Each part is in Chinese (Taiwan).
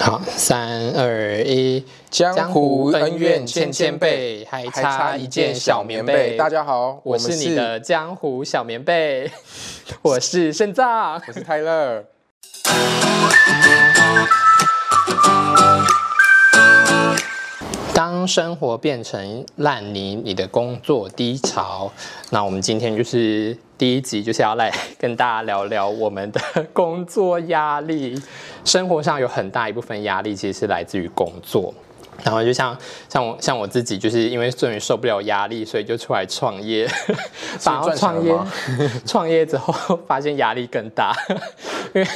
好，三二一，江湖恩怨千千倍，還差一件小棉被。棉被大家好，我是你的江湖小棉貝， 我是腎臟，我是泰勒。 當生活變成爛泥，你的工作低潮。那我們今天就是第一集，就是要來跟大家聊聊我們的工作壓力。生活上有很大一部分壓力，其實是來自於工作。然後就像像我像我自己，就是因為終於受不了壓力，所以就出來創業。然後創業，創 業之後發現壓力更大，因為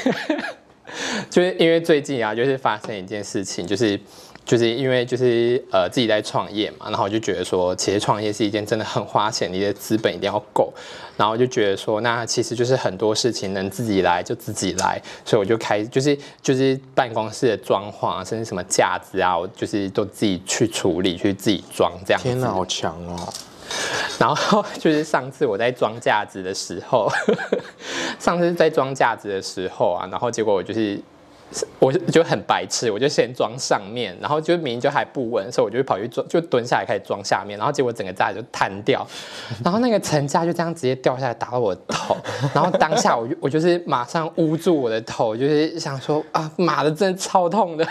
就是因為最近啊，就是發生一件事情，就是。就是因為就是呃自己在創業嘛，然後我就覺得說，其實創業是一件真的很花錢，你的資本一定要夠。然後我就覺得說，那其實就是很多事情能自己來就自己來。所以我就開就是就是辦公室的裝潢啊，甚至什麼架子啊，我就是都自己去處理，去自己裝這樣。天哪，好強哦！然後就是上次我在裝架子的時候， 上次在裝架子的時候啊，然後結果我就是。我就很白痴，我就先裝上面，然後就明明就還不穩，所以我就跑去裝，就蹲下來開始裝下面，然後結果整個架就彈掉，然後那個層架就這樣直接掉下來打到我的頭， 然後當下我就我就是馬上捂住我的頭，就是想說啊，媽的真的超痛的，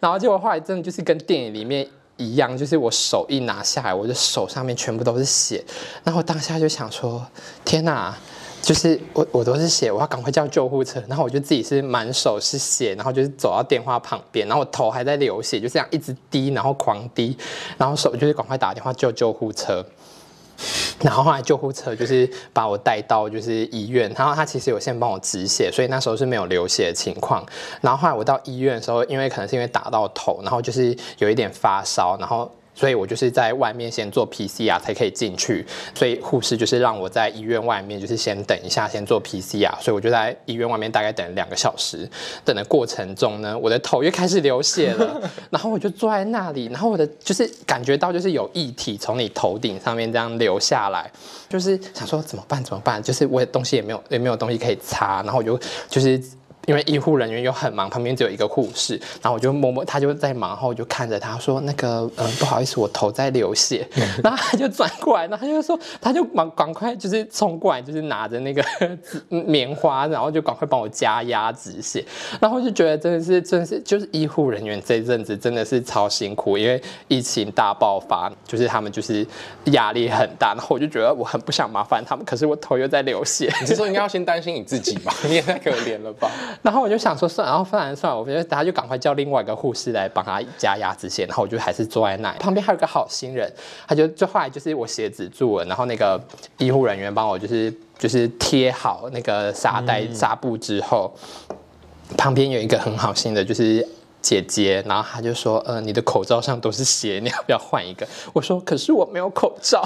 然後結果後來真的就是跟電影裡面一樣，就是我手一拿下來，我的手上面全部都是血，然後我當下就想說，天哪、啊！就是我，我都是血，我要趕快叫救護車，然後我就自己是滿手是血，然後就是走到電話旁邊，然後我頭還在流血，就是這樣一直滴，然後狂滴，然後手就是趕快打電話叫救護車，然後後來救護車就是把我帶到就是醫院，然後他其實有先幫我止血，所以那時候是沒有流血的情況，然後後來我到醫院的時候，因為可能是因為打到頭，然後就是有一點發燒，然後。所以我就是在外面先做 PCR 才可以進去，所以護士就是讓我在醫院外面就是先等一下，先做 PCR，所以我就在醫院外面大概等兩個小時。等的過程中呢，我的頭又開始流血了，然後我就坐在那裡，然後我的就是感覺到就是有液體從你頭頂上面這樣流下來，就是想說怎麼辦怎麼辦，就是我的東西也沒有也沒有東西可以擦，然後我就就是。因為醫護人員又很忙，旁邊只有一個護士，然後我就摸摸，他就在忙，然後我就看着他說：“那個，嗯、呃，不好意思，我頭在流血。”然後他就轉過來，然後他就說：“他就忙，趕快就是衝過來，就是拿着那個棉花，然後就趕快幫我加壓止血。”然後我就覺得真的是，真的是，就是醫護人員這一陣子真的是超辛苦，因為疫情大爆發，就是他們就是壓力很大。然後我就覺得我很不想麻煩他們，可是我頭又在流血。你說應該要先擔心你自己吧，你也太可憐了吧？ 然後我就想說，算，然後算了算了，我覺得他就趕快叫另外一個護士來幫他加壓止血。然後我就還是坐在那旁邊，還有個好心人，他就就後來就是我鞋子住了，然後那個醫護人員幫我就是就是貼好那個紗帶、紗布之後，嗯、旁邊有一個很好心的，就是。姐姐，然後她就說：“呃，你的口罩上都是血，你要不要換一個？”我說：“可是我沒有口罩。”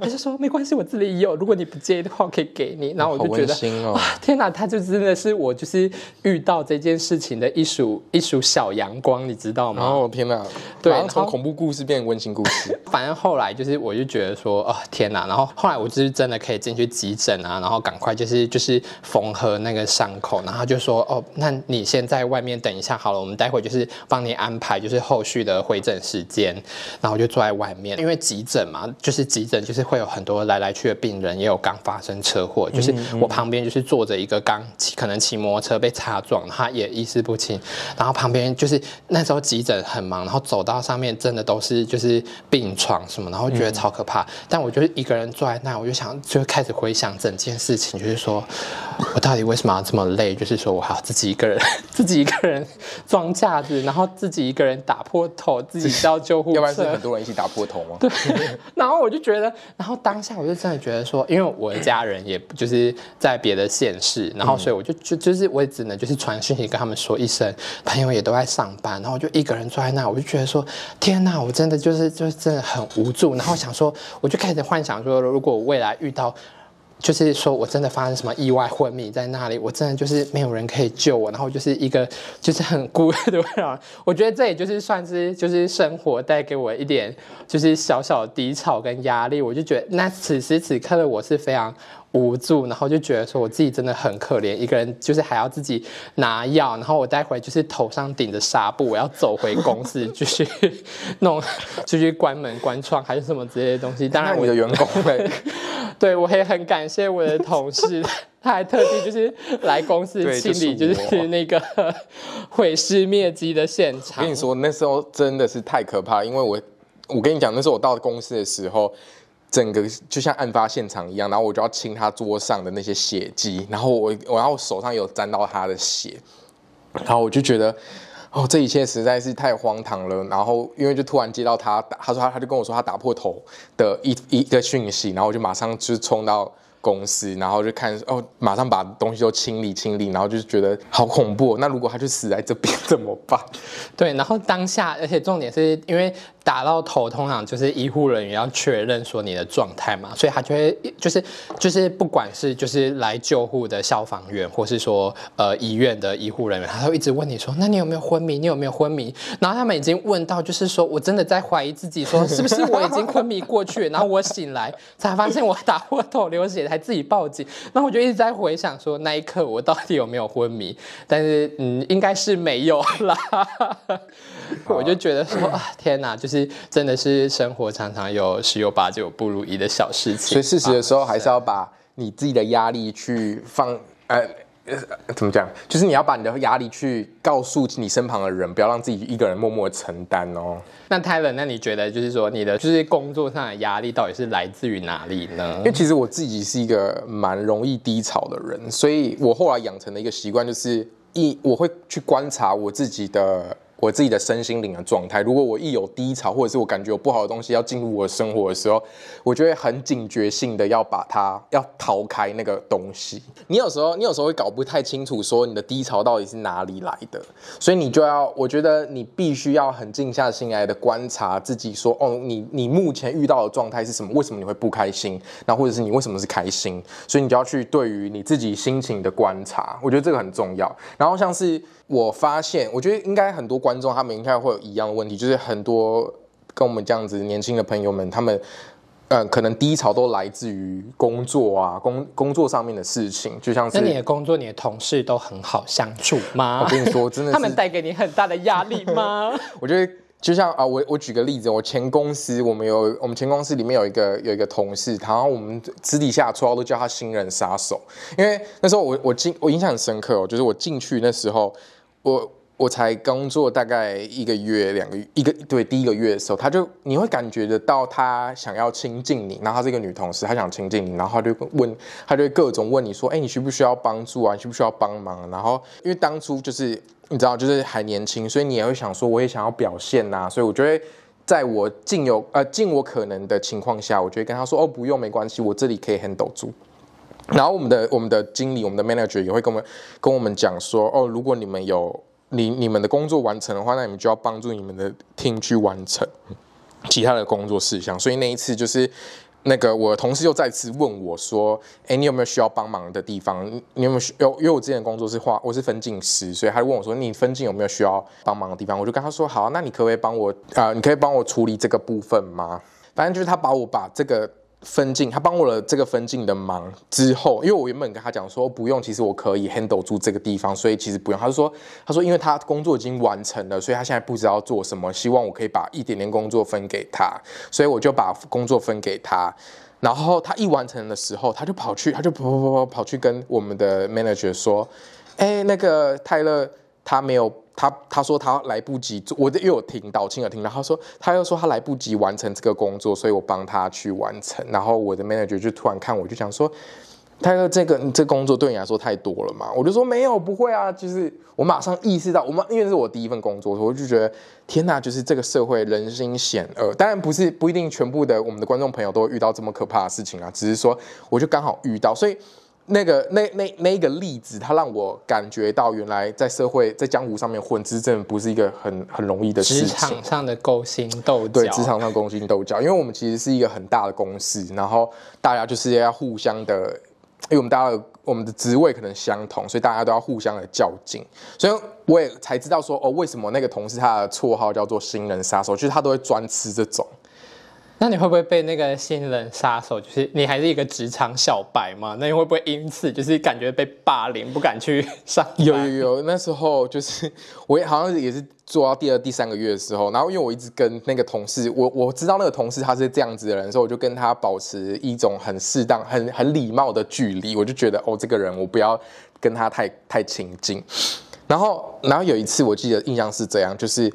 她 就說：“沒關係，我這裡有，如果你不介意的話，我可以給你。”然後我就覺得、哦哦哦、天哪！他就真的是我就是遇到這件事情的一束一束小陽光，你知道嗎？然後我、哦、天哪！對，從恐怖故事變溫情故事。反正後來就是，我就覺得說，哦，天哪！然後後來我就是真的可以進去急診啊，然後趕快就是就是縫合那個傷口，然後就說：“哦，那你先在外面等一下好了，我們待會。”就是幫你安排，就是後續的回診時間，然後我就坐在外面，因為急診嘛，就是急診就是會有很多來來去的病人，也有剛發生車禍，就是我旁邊就是坐着一個剛可能騎摩托車被擦撞，他也意識不清，然後旁邊就是那時候急診很忙，然後走到上面真的都是就是病床什麼，然後覺得超可怕，嗯、但我就是一個人坐在那，我就想就開始回想整件事情，就是說我到底為什麼要這麼累？就是說我好要自己一個人自己一個人裝架。然後自己一個人打破頭，自己叫救護車。要不然是很多人一起打破頭嗎？對。然後我就覺得，然後當下我就真的覺得說，因為我的家人也就是在別的縣市，然後所以我就就就是我也只能就是傳訊息跟他們說一聲，朋友也都在上班，然後我就一個人坐在那，我就覺得說，天哪，我真的就是就是真的很無助，然後想說，我就開始幻想說，如果我未來遇到。就是說，我真的發生什麼意外昏迷在那裡，我真的就是沒有人可以救我，然後就是一個就是很孤獨的。我覺得這也就是算是就是生活帶給我一點就是小小的低潮跟壓力，我就覺得那此時此刻的我是非常無助，然後就覺得說我自己真的很可憐，一個人就是還要自己拿藥，然後我待會就是頭上頂着紗布，我要走回公司繼續弄，繼續關門關窗還是什麼之類的東西。當然我，我的員工們， 對我也很感謝我的同事，他還特地就是來公司清理，就是、就是那個毀屍滅跡的現場。我跟你說，那時候真的是太可怕，因為我我跟你講，那時候我到公司的時候。整個就像案發現場一樣，然後我就要清他桌上的那些血跡，然後我，我然後我手上有沾到他的血，然後我就覺得，哦，這一切實在是太荒唐了。然後因為就突然接到他，他說他他就跟我說他打破頭的一一個訊息，然後我就馬上就衝到公司，然後就看，哦，馬上把東西都清理清理，然後就覺得好恐怖哦。那如果他就死在這邊怎麼辦？對，然後當下，而且重點是因為。打到頭，通常就是醫護人員要確認說你的狀態嘛，所以他就會就是就是不管是就是來救護的消防員，或是說呃醫院的醫護人員，他會一直問你說，那你有沒有昏迷？你有沒有昏迷？然後他們已經問到，就是說我真的在懷疑自己說，說是不是我已經昏迷過去， 然後我醒來才發現我打過頭流血，才自己報警。然後我就一直在回想說，那一刻我到底有沒有昏迷？但是嗯，應該是沒有啦。 我就覺得說天哪，就是真的是生活常常有十有八九不如意的小事情。所以，適時的時候還是要把你自己的壓力去放，呃，呃，呃呃、怎麼講？就是你要把你的壓力去告訴你身旁的人，不要讓自己一個人默默承擔哦。那泰勒，那你覺得就是說你的就是工作上的壓力到底是來自於哪裡呢？因為其實我自己是一個蠻容易低潮的人，所以我後來養成的一個習慣就是一我會去觀察我自己的。我自己的身心靈的狀態，如果我一有低潮，或者是我感覺有不好的東西要進入我的生活的時候，我就會很警覺性的要把它要逃開那個東西。你有時候，你有時候會搞不太清楚，說你的低潮到底是哪裡來的，所以你就要，我覺得你必須要很靜下心來的觀察自己說，說哦，你你目前遇到的狀態是什麼？為什麼你會不開心？那或者是你為什麼是開心？所以你就要去對於你自己心情的觀察，我覺得這個很重要。然後像是。我發現，我覺得應該很多觀眾他們應該會有一樣的問題，就是很多跟我們這樣子年輕的朋友們，他們，嗯，可能低潮都來自於工作啊，工工作上面的事情，就像是。那你的工作，你的同事都很好相處嗎？我跟你說，真的是。他們帶給你很大的壓力嗎？ 我覺得就像啊，我我舉個例子，我前公司我們有我們前公司裡面有一個有一個同事，然後我們私底下綽號都叫他“新人殺手”，因為那時候我我進我印象很深刻哦，就是我進去那時候。我我才工作大概一個月、兩個月、一個對第一個月的時候，他就你會感覺得到他想要親近你，然後他是一個女同事，她想親近你，然後他就問，他就各種問你說，哎，你需不需要幫助啊？你需不需要幫忙？然後因為當初就是你知道，就是還年輕，所以你也會想說，我也想要表現吶、啊，所以我就會在我盡有呃盡我可能的情況下，我覺得跟他說，哦，不用，沒關係，我這裡可以 handle 住。然後我們的我們的經理，我們的 manager 也會跟我們跟我們講說，哦，如果你們有你你們的工作完成的話，那你們就要幫助你們的 team 去完成其他的工作事項。所以那一次就是那個我同事又再次問我說，哎，你有沒有需要幫忙的地方？你有沒有需要？因為我之前的工作是畫，我是分鏡師，所以他問我說，你分鏡有沒有需要幫忙的地方？我就跟他說，好，那你可不可以幫我啊，呃，你可，可以幫我處理這個部分嗎？反正就是他把我把這個。分鏡，他幫我了這個分鏡的忙之後，因為我原本跟他講說不用，其實我可以 handle 住這個地方，所以其實不用。他就說，他說因為他工作已經完成了，所以他現在不知道做什麼，希望我可以把一點點工作分給他，所以我就把工作分給他。然後他一完成的時候，他就跑去，他就跑跑跑跑跑跑去跟我們的 manager 說，哎，那個泰勒他沒有。他他說他來不及做，我又有聽到，親耳聽到。他說，他又說他來不及完成這個工作，所以我幫他去完成。然後我的 manager 就突然看我，就想說，他說、這個，這個這工作對你來說太多了嘛？我就說沒有，不會啊，就是我馬上意識到，我因為這是我第一份工作，我就覺得天哪，就是這個社會人心險惡。當然不是，不一定全部的我們的觀眾朋友都會遇到這麼可怕的事情啊，只是說我就剛好遇到，所以。那個那那那一個例子，它讓我感覺到原來在社會在江湖上面混，其實真的不是一個很很容易的事情。職場上的勾心鬥角，對，職場上的勾心鬥角，因為我們其實是一個很大的公司，然後大家就是要互相的，因為我們大家的我們的職位可能相同，所以大家都要互相的較勁。所以我也才知道說，哦，為什麼那個同事他的綽號叫做“新人殺手”，就是他都會專吃這種。那你會不會被那個新人殺手？就是你還是一個職場小白嗎？那你會不會因此就是感覺被霸凌，不敢去上班 有有有，那時候就是我也好像也是做到第二、第三個月的時候，然後因為我一直跟那個同事，我我知道那個同事他是這樣子的人，所以我就跟他保持一種很適當、很很禮貌的距離。我就覺得哦，這個人我不要跟他太太親近。然後，然後有一次我記得印象是這樣，就是。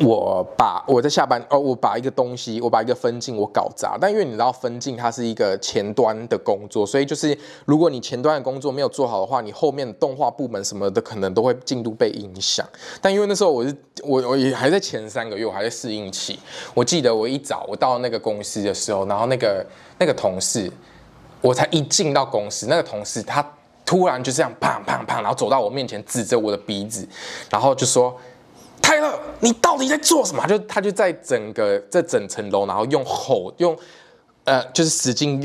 我把我在下班哦，我把一個東西，我把一個分鏡我搞砸，但因為你知道分鏡它是一個前端的工作，所以就是如果你前端的工作沒有做好的話，你後面的動畫部門什麼的可能都會進度被影響。但因為那時候我是我我也還在前三個月我還在適應期，我記得我一早我到那個公司的時候，然後那個那個同事，我才一進到公司，那個同事他突然就這樣砰砰砰，然後走到我面前指着我的鼻子，然後就說。泰勒，你到底在做什麼？就他就在整個這整層樓，然後用吼，用呃，就是使勁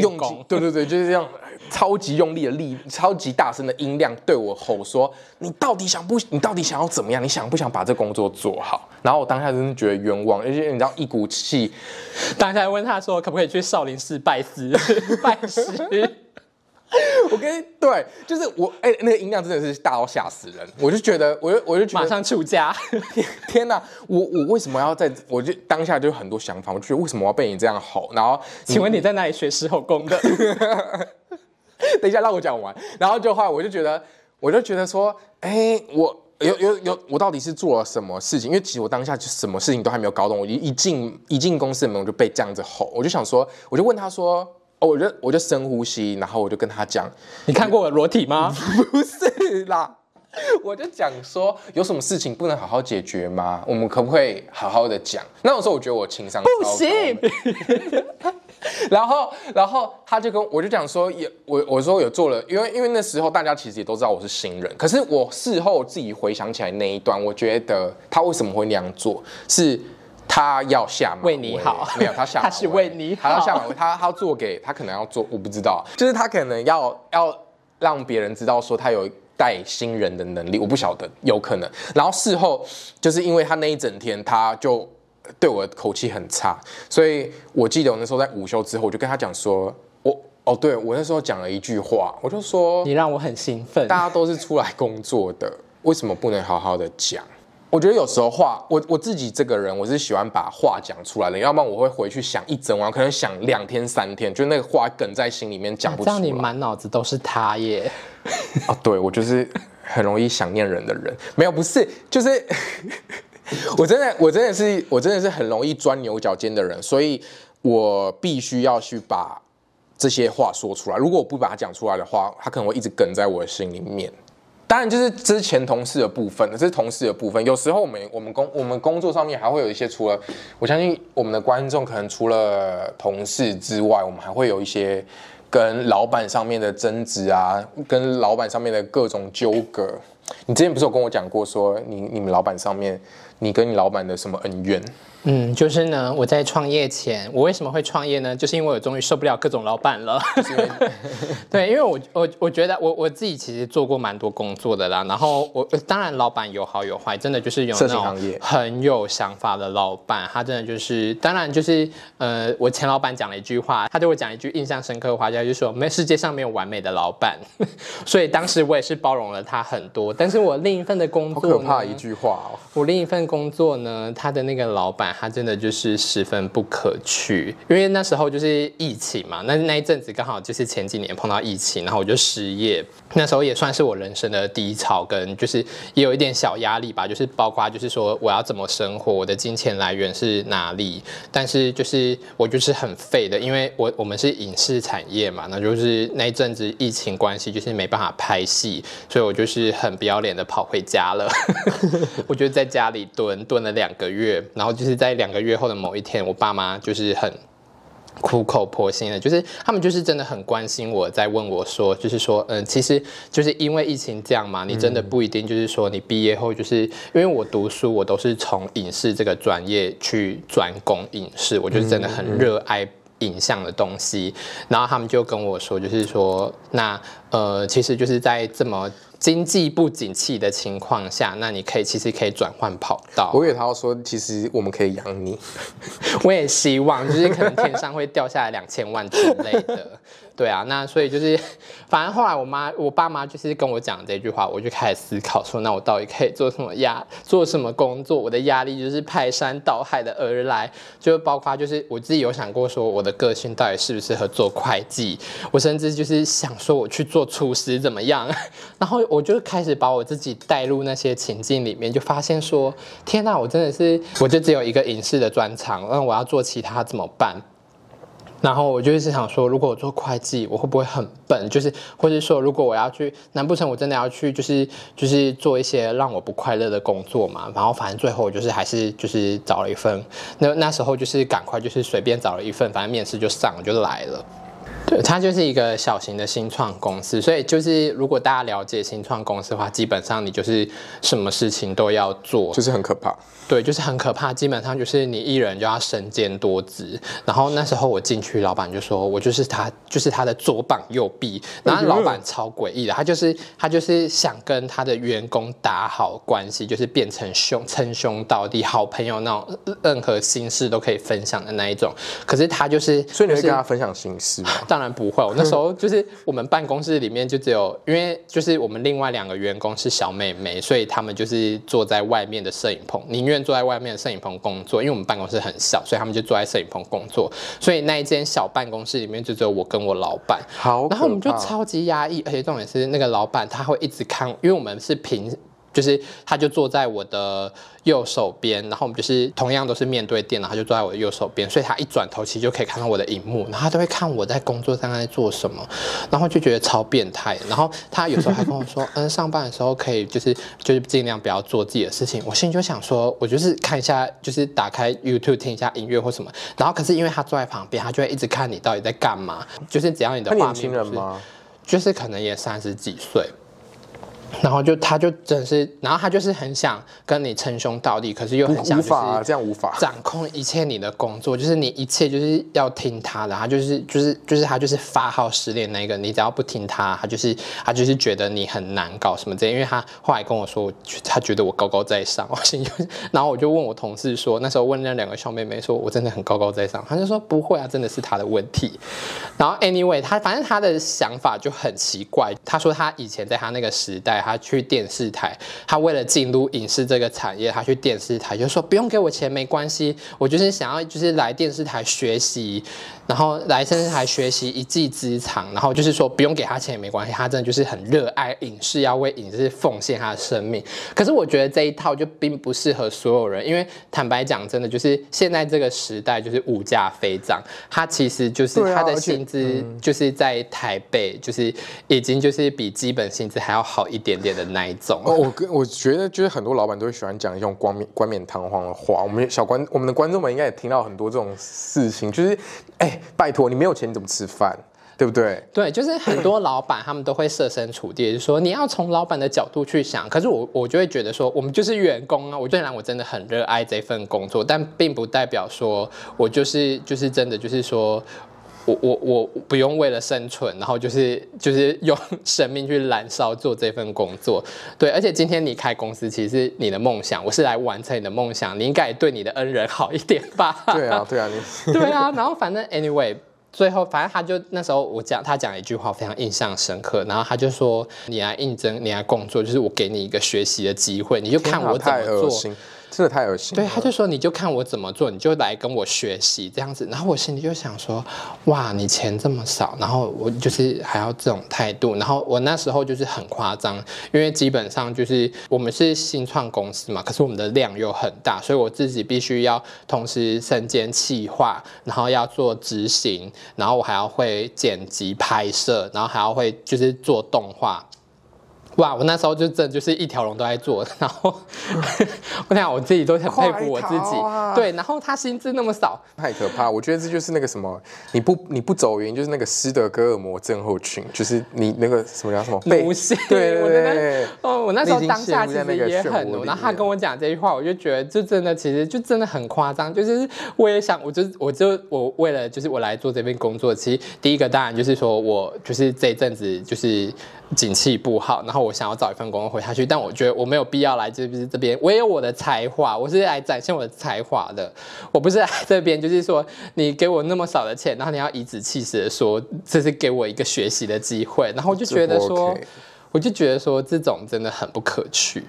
用功用對對對，就是這樣，超級用力的力， 超級大聲的音量對我吼說：“你到底想不？你到底想要怎麼樣？你想不想把這工作做好？”然後我當下真的覺得冤枉，而且你知道一股氣，當下問他說：“可不可以去少林寺拜師？” 拜師。 我跟，對，就是我，哎、欸，那個音量真的是大到嚇死人，我就覺得，我就，我就覺得馬上出家， 天哪，我，我為什麼要在，我就當下就有很多想法，我就覺得為什麼要被你這樣吼？然後，請問你在哪裡學獅吼功的？嗯、 等一下讓我講完，然後就後來，我就覺得，我就覺得說，哎、欸，我有有有，我到底是做了什麼事情？因為其實我當下就什麼事情都還沒有搞懂，我一進一進公司的門我就被這樣子吼，我就想說，我就問他說。哦，我就我就深呼吸，然後我就跟他講，你看過我裸體嗎？ 不是啦，我就講說，有什麼事情不能好好解決嗎？我們可不可以好好的講？那種時候，我覺得我情商不行。 然後，然後他就跟我，我就講說，有我我說有做了，因為因為那時候大家其實也都知道我是新人，可是我事後自己回想起來那一段，我覺得他為什麼會那樣做，是。他要下馬，為你好，沒有，他下馬，他是為你好，他要下馬他，他要做給他可能要做，我不知道，就是他可能要要讓別人知道說他有帶新人的能力，我不曉得，有可能。然後事後就是因為他那一整天他就對我的口氣很差，所以我記得我那時候在午休之後，我就跟他講說，我，哦，對，我那時候講了一句話，我就說你讓我很興奮。大家都是出來工作的，為什麼不能好好的講？我覺得有時候話，我我自己這個人，我是喜歡把話講出來的。要不然我會回去想一整晚，可能想兩天三天，就那個話梗在心裡面講不出來。這樣你滿腦子都是他耶。啊、 哦，對，我就是很容易想念人的人。沒有，不是，就是， 我真的，我真的是，我真的是很容易鑽牛角尖的人。所以我必須要去把這些話說出來。如果我不把它講出來的話，它可能會一直梗在我的心裡面。當然，就是之前同事的部分了。這、就是同事的部分。有時候我們我們工我們工作上面還會有一些，除了我相信我們的觀眾可能除了同事之外，我們還會有一些跟老闆上面的爭執啊，跟老闆上面的各種糾葛。你之前不是有跟我講過說，說你你們老闆上面，你跟你老闆的什麼恩怨？嗯，就是呢，我在創業前，我為什麼會創業呢？就是因為我終於受不了各種老板了。對, 對，因為我我我覺得我我自己其實做過蠻多工作的啦。然後我當然老板有好有壞，真的就是有那種很有想法的老板，他真的就是，當然就是呃，我前老板講了一句話，他對我講一句印象深刻的話，就是說：沒世界上沒有完美的老板。所以當時我也是包容了他很多。但是我另一份的工作，好可怕一句話哦！我另一份工作呢，他的那個老板。他真的就是十分不可取，因為那時候就是疫情嘛，那那一陣子剛好就是前幾年碰到疫情，然後我就失業，那時候也算是我人生的低潮，跟就是也有一點小壓力吧，就是包括就是說我要怎麼生活，我的金錢來源是哪裡，但是就是我就是很廢的，因為我我們是影視產業嘛，那就是那一陣子疫情關係就是沒辦法拍戲，所以我就是很不要臉的跑回家了， 我就在家裡蹲蹲了兩個月，然後就是。在兩個月後的某一天，我爸媽就是很苦口婆心的，就是他們就是真的很關心我，在問我說，就是說，嗯，其實就是因為疫情這樣嘛，你真的不一定就是說你畢業後，就是因為我讀書，我都是從影視這個專業去專攻影視，我就是真的很熱愛。影像的東西，然後他們就跟我說，就是說，那呃，其實就是在這麼經濟不景氣的情況下，那你可以其實可以轉換跑道。我以為他要說，其實我們可以養你。 我也希望，就是可能天上會掉下來兩千萬之類的。 對啊，那所以就是，反正後來我媽、我爸媽就是跟我講這句話，我就開始思考說，那我到底可以做什麼呀、做什麼工作？我的壓力就是排山倒海的而來，就包括就是我自己有想過說，我的個性到底適不適合做會計？我甚至就是想說我去做廚師怎麼樣？然後我就開始把我自己帶入那些情境裡面，就發現說，天哪、啊，我真的是我就只有一個影視的專長，那、嗯、我要做其他怎麼辦？然後我就一直想說，如果我做會計，我會不會很笨？就是，或者說，如果我要去，難不成我真的要去，就是，就是做一些讓我不快樂的工作嘛？然後，反正最後就是還是就是找了一份，那那時候就是趕快就是隨便找了一份，反正面試就上我就來了。對，他就是一個小型的新創公司，所以就是如果大家了解新創公司的話，基本上你就是什麼事情都要做，就是很可怕。對，就是很可怕，基本上就是你一人就要身兼多職。然後那時候我進去，老闆就說我就是他，就是他的左膀右臂。然後老闆超詭異的，他就是他就是想跟他的員工打好關係，就是變成兄稱兄道弟、好朋友那種，任何心事都可以分享的那一種。可是他就是，所以你會跟他分享心事嗎？就是當然不會，哦，我那時候就是我們辦公室裡面就只有，因為就是我們另外兩個員工是小妹妹，所以他們就是坐在外面的攝影棚，寧願坐在外面的攝影棚工作，因為我們辦公室很小，所以他們就坐在攝影棚工作。所以那一間小辦公室裡面就只有我跟我老板，好，然後我們就超級壓抑，而且重點是那個老板他會一直看，因為我們是平。就是他就坐在我的右手邊，然後我們就是同樣都是面對電腦，他就坐在我的右手邊，所以他一轉頭其實就可以看到我的熒幕，然後他就會看我在工作上在做什麼，然後就覺得超變態。然後他有時候還跟我說， 嗯，上班的時候可以就是就是盡量不要做自己的事情。我心裡就想說，我就是看一下，就是打開 YouTube 聽一下音樂或什麼。然後可是因為他坐在旁邊，他就會一直看你到底在幹嘛。就是只要你的畫面、就是，年輕人嗎？就是可能也三十幾歲。然後就他，就真是，然後他就是很想跟你稱兄道弟，可是又很想掌控一切你的工作，就是你一切就是要聽他的啊，他就是就是就是他就是發號施令那個，你只要不聽他，他就是他就是覺得你很難搞什麼這，因為他後來跟我說，他覺得我高高在上，然後我就問我同事說，那時候問那兩個小妹妹說，我真的很高高在上，她就說不會啊，真的是他的問題。然後 anyway，他反正他的想法就很奇怪，他說他以前在他那個時代。他去電視台，他為了進入影視這個產業，他去電視台就說：“不用給我錢，沒關係，我就是想要就是來電視台學習。”然後來甚至還學習一技之長，然後就是說不用給他錢也沒關係，他真的就是很熱愛影視，要為影視奉獻他的生命。可是我覺得這一套就並不適合所有人，因為坦白講，真的就是現在這個時代就是物價飛漲，他其實就是他的薪資就是在台北就是已經就是比基本薪資還要好一點點的那一種。啊嗯、我跟我覺得就是很多老板都會喜歡講一種冠冕冠冕堂皇的話，我們小觀我們的觀眾們應該也聽到很多這種事情，就是哎。欸拜託，你沒有錢你怎麼吃飯，對不對？對，就是很多老闆他們都會設身處地就是說，說 你要從老闆的角度去想。可是我我就會覺得說，我們就是員工啊。我雖然我真的很熱愛這份工作，但並不代表說我就是就是真的就是說。我我我不用為了生存，然後就是就是用生命去燃燒做這份工作，對。而且今天你開公司，其實你的夢想，我是來完成你的夢想。你應該也對你的恩人好一點吧？對啊，對啊，你 對啊。然後反正 anyway 最後反正他就那時候我講他講一句話非常印象深刻，然後他就說，你來應徵，你來工作，就是我給你一個學習的機會，你就看我怎麼做。這太有心了。對，他就說你就看我怎麼做，你就來跟我學習這樣子。然後我心裡就想說，哇，你錢這麼少，然後我就是還要這種態度。然後我那時候就是很誇張，因為基本上就是我們是新創公司嘛，可是我們的量又很大，所以我自己必須要同時身兼企劃，然後要做執行，然後我還要會剪輯拍攝，然後還要會就是做動畫。哇！我那時候就真的就是一條龍都在做，然後、嗯、 我跟你講、啊、我自己都很佩服我自己，啊、對。然後他薪資那麼少，太可怕！我覺得這就是那個什麼，你不你不走運，就是那個斯德哥爾摩症候群，就是你那個什麼叫什麼背、奴性對對，對，對我哦。我那時候當下真的也很，然後他跟我講這句話，我就覺得就真的其實就真的很誇張，就是我也想，我就我就我為了就是我來做這邊工作，其實第一個當然就是說我就是這一陣子就是。景氣不好，然後我想要找一份工作活下去，但我覺得我沒有必要來就是這邊，我也有我的才華，我是來展現我的才華的，我不是來這邊就是說你給我那麼少的錢，然後你要頤指氣使的說這是給我一個學習的機會，然後我就覺得說，OK、我就覺得說這種真的很不可取。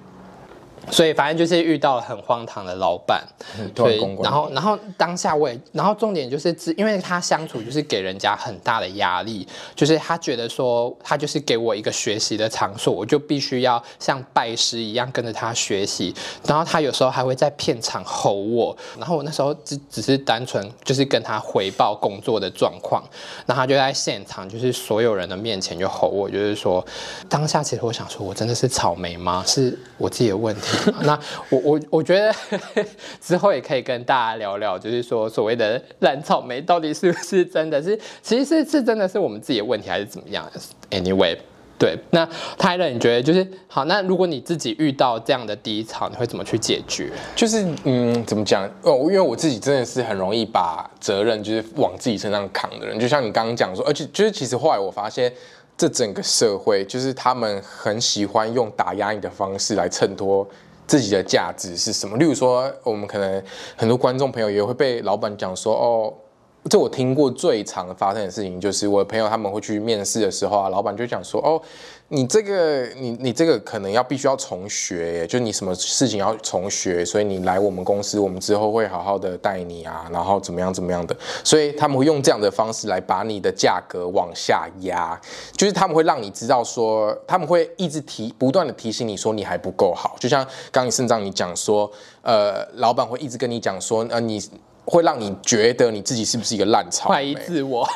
所以反正就是遇到了很荒唐的老闆，對、嗯，以然後然後當下我也，然後重點就是，因為他相處就是給人家很大的壓力，就是他覺得說他就是給我一個學習的場所，我就必須要像拜師一樣跟着他學習。然後他有時候還會在片場吼我，然後我那時候只只是單純就是跟他回報工作的狀況，然後他就在現場就是所有人的面前就吼我，就是說，當下其實我想說我真的是草莓嗎？是我自己的問題。 那我我我覺得呵呵之後也可以跟大家聊聊，就是說所謂的爛草莓到底是不是真的是，其實是是真的是我們自己的問題還是怎麼樣？Anyway，對。那泰勒，你覺得就是好？那如果你自己遇到這樣的低潮，你會怎麼去解決？就是嗯，怎麼講？哦，因為我自己真的是很容易把責任就是往自己身上扛的人，就像你剛剛講說，而且就是其實後來我發現，這整個社會就是他們很喜歡用打壓你的方式來襯托。自己的價值是什麼？例如說，我們可能很多觀眾朋友也會被老闆講說，哦，這我聽過最常發生的事情，就是我的朋友他們會去面試的時候啊，老闆就講說：“哦，你這個，你你這個可能要必須要重學耶，就你什麼事情要重學，所以你來我們公司，我們之後會好好的帶你啊，然後怎麼樣怎麼樣的，所以他們會用這樣的方式來把你的價格往下壓，就是他們會讓你知道說，他們會一直提不斷的提醒你說你還不夠好，就像剛剛盛藏你講說，呃，老闆會一直跟你講說，呃，你。”會讓你覺得你自己是不是一個爛草莓？懷疑自我，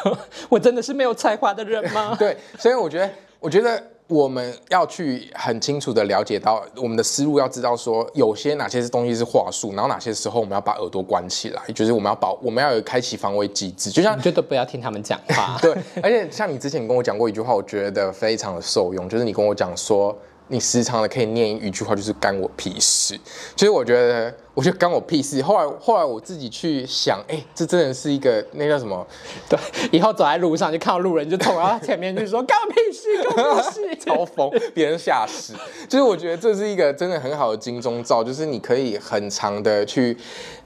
我真的是沒有才華的人嗎？對，所以我覺得，我覺得我們要去很清楚的了解到我們的思路，要知道說有些哪些是東西是話術，然後哪些時候我們要把耳朵關起來，就是我們要保，我們要有開啟防衛機制，就像絕對不要聽他們講話。對，而且像你之前你跟我講過一句話，我覺得非常的受用，就是你跟我講說。你時常的可以念一句話，就是“干我屁事”。其實我覺得，我覺得干我屁事。後來，後來我自己去想，哎、欸，這真的是一個那叫什麼？對，以後走在路上就看到路人就衝，然後他前面就說“ 干我屁事，干我屁事”，嘲諷 別人嚇死。就是我覺得這是一個真的很好的金鐘罩，就是你可以很長的去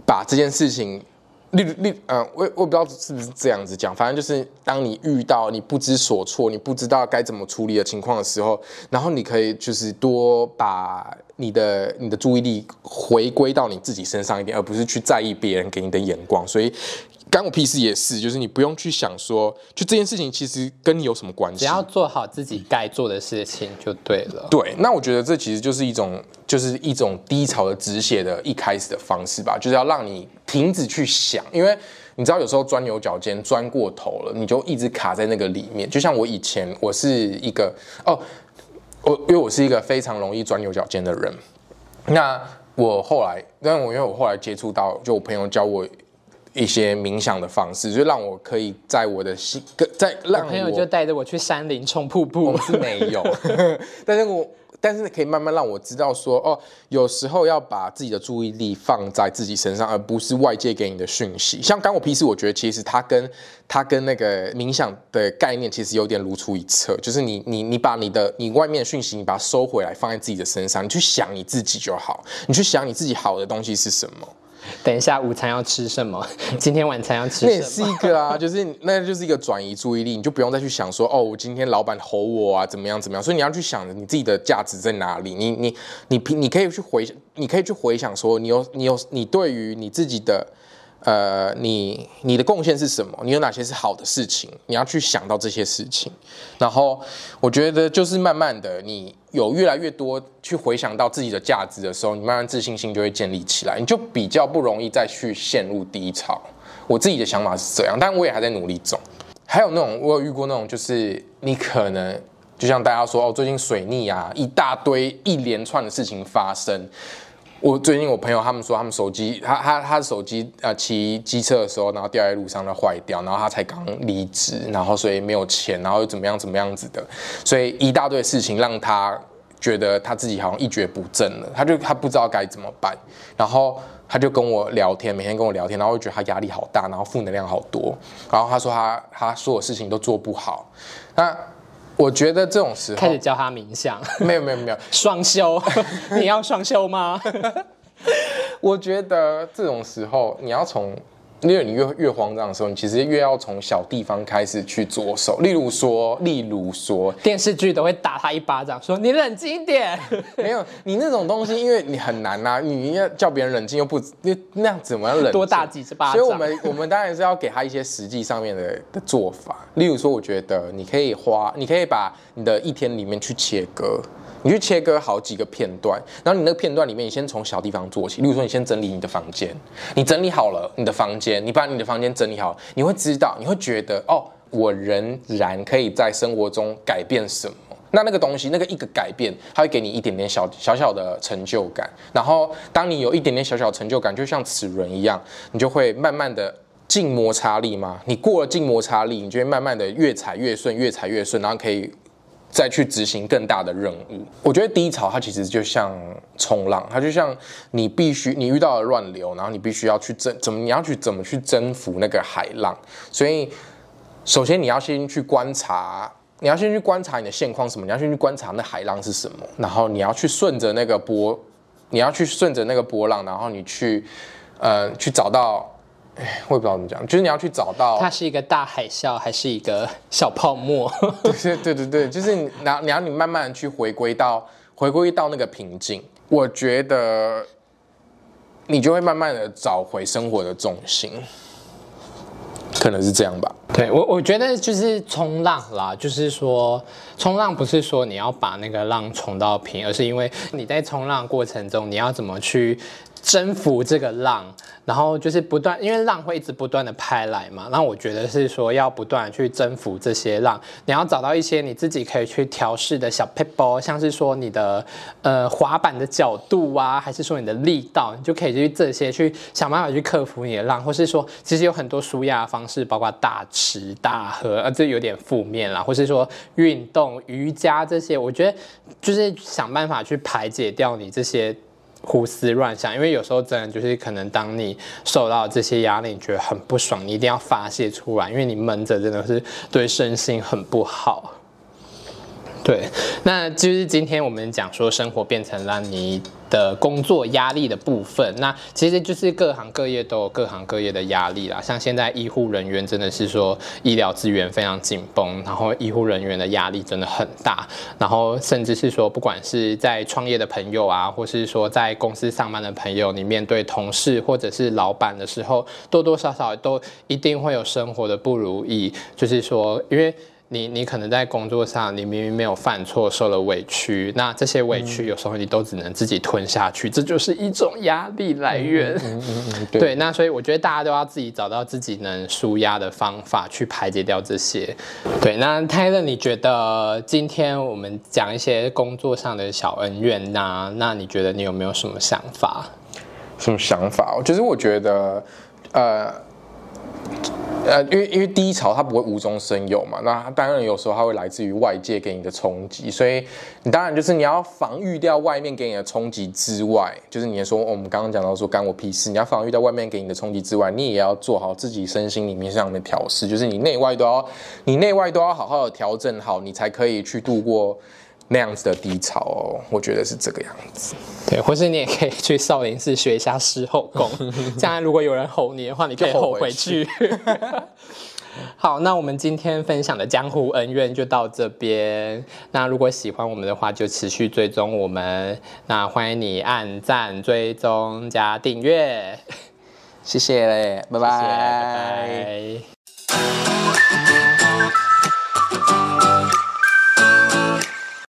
把這件事情。你你，嗯，我我不知道是不是這樣子講，反正就是當你遇到你不知所措，你不知道該怎麼處理的情況的時候，然後你可以就是多把你的你的注意力回歸到你自己身上一點，而不是去在意別人給你的眼光，所以。干我屁事也是，就是你不用去想說，就這件事情其實跟你有什麼關係？只要做好自己該做的事情就對了。對，那我覺得這其實就是一種，就是一種低潮的止血的一開始的方式吧，就是要讓你停止去想，因為你知道有時候鑽牛角尖鑽過頭了，你就一直卡在那個裡面。就像我以前，我是一個哦，我因為我是一個非常容易鑽牛角尖的人，那我後來，但我因為我後來接觸到，就我朋友教我。一些冥想的方式，就讓我可以在我的心，跟在讓我我朋友就帶着我去山林沖瀑布，我是沒有， 但是我但是可以慢慢讓我知道說，哦，有時候要把自己的注意力放在自己身上，而不是外界給你的訊息。像剛剛我平時我覺得，其實它跟它跟那個冥想的概念其實有點如出一轍，就是你你你把你的你外面的訊息你把它收回來，放在自己的身上，你去想你自己就好，你去想你自己好的東西是什麼。 等一下，午餐要吃什麼？今天晚餐要吃什麼？那也是一個啊，就是那就是一個轉移注意力，你就不用再去想說，哦，今天老板吼我啊，怎麼樣怎麼樣？所以你要去想你自己的價值在哪裡？你你你平你可以去回，你可以去回想說你，你有你有你對於你自己的。呃，你你的貢獻是什麼？你有哪些是好的事情？你要去想到這些事情，然後我覺得就是慢慢的，你有越來越多去回想到自己的價值的時候，你慢慢自信心就會建立起來，你就比較不容易再去陷入低潮。我自己的想法是這樣，但我也還在努力中。還有那種我有遇過那種，就是你可能就像大家說哦，最近水逆啊，一大堆一連串的事情發生。我最近我朋友他們說，他們手機，他他他的手機啊，騎機車的時候，然後掉在路上了，壞掉，然後他才剛離職，然後所以沒有錢，然後又怎麼樣怎麼樣子的，所以一大堆事情讓他覺得他自己好像一蹶不振了，他就他不知道該怎麼辦，然後他就跟我聊天，每天跟我聊天，然後我覺得他壓力好大，然後負能量好多，然後他說他他所有事情都做不好，那。我覺得這種時候開始叫他冥想， 沒有沒有沒有雙休，秀 你要雙休嗎？ 我覺得這種時候你要從。因為你越越慌張的時候，你其實越要從小地方開始去着手。例如說，例如說，電視劇都會打他一巴掌，說你冷靜一點。 沒有你那種東西，因為你很難吶、啊，你要叫別人冷靜又不，那那樣怎麼要冷靜多打幾十巴掌。所以我們我們當然是要給他一些實際上面的的做法。例如說，我覺得你可以花，你可以把你的一天裡面去切割。你去切割好幾個片段，然後你那個片段裡面，你先從小地方做起。例如說，你先整理你的房間，你整理好了你的房間，你把你的房間整理好，你會知道，你會覺得，哦，我仍然可以在生活中改變什麼。那那個東西，那個一個改變，它會給你一點點小小小的成就感。然後，當你有一點點小小成就感，就像齒輪一樣，你就會慢慢的靜摩擦力嘛。你過了靜摩擦力，你就會慢慢的越踩越順，越踩越順，然後可以。再去執行更大的任務，我覺得低潮它其實就像衝浪，它就像你必須你遇到了亂流，然後你必須要去征怎麼你要去怎麼去征服那個海浪，所以首先你要先去觀察，你要先去觀察你的現況什麼，你要先去觀察那海浪是什麼，然後你要去順着那個波，你要去順着那個波浪，然後你去，呃，去找到。我也不知道怎麼講，就是你要去找到它是一個大海嘯還是一個小泡沫？ 對對對，就是你，然後你，你要你慢慢去回歸到回歸到那個平靜，我覺得你就會慢慢的找回生活的重心，可能是這樣吧。對，我我覺得就是衝浪啦，就是說衝浪不是說你要把那個浪衝到平，而是因為你在衝浪過程中你要怎麼去。征服這個浪，然後就是不斷，因為浪會一直不斷的拍來嘛。那我覺得是說要不斷去征服這些浪。你要找到一些你自己可以去調試的小撇步，像是說你的呃滑板的角度啊，還是說你的力道，你就可以去這些去想辦法去克服你的浪，或是說其實有很多舒壓的方式，包括大吃大喝，啊、呃，這有點負面啦，或是說運動、瑜伽這些，我覺得就是想辦法去排解掉你這些。胡思亂想，因為有時候真的就是可能當你受到這些壓力，你覺得很不爽，你一定要發洩出來，因為你悶着真的是對身心很不好。對，那就是今天我們講說，生活變成了你的工作壓力的部分。那其實就是各行各業都有各行各業的壓力啦。像現在醫護人員真的是說醫療資源非常緊繃，然後醫護人員的壓力真的很大。然後甚至是說，不管是在創業的朋友啊，或是說在公司上班的朋友，你面對同事或者是老闆的時候，多多少少都一定會有生活的不如意。就是說，因為。你你可能在工作上，你明明沒有犯錯，受了委屈，那這些委屈有時候你都只能自己吞下去，嗯、這就是一種壓力來源。嗯嗯嗯嗯、對，對，那所以我覺得大家都要自己找到自己能舒壓的方法，去排解掉這些。對，那泰勒，你覺得今天我們講一些工作上的小恩怨吶、啊、那你覺得你有沒有什麼想法？什麼想法？我就是我覺得，呃。呃，因為因為低潮它不會無中生有嘛，那當然有時候它會來自於外界給你的衝擊，所以你當然就是你要防禦掉外面給你的衝擊之外，就是你說、哦、我們剛剛講到說幹我屁事，你要防禦掉外面給你的衝擊之外，你也要做好自己身心裡面上的調適，就是你內外都要，你內外都要好好的調整好，你才可以去度過。那樣子的低潮哦，我覺得是這個樣子。對，或是你也可以去少林寺學一下獅吼功， 這樣如果有人吼你的話，你可以吼回去。回去 好，那我們今天分享的江湖恩怨就到這邊。那如果喜歡我們的話，就持續追蹤我們。那歡迎你按讚、追蹤、加訂閱，訂閱謝謝嘞，拜拜拜拜。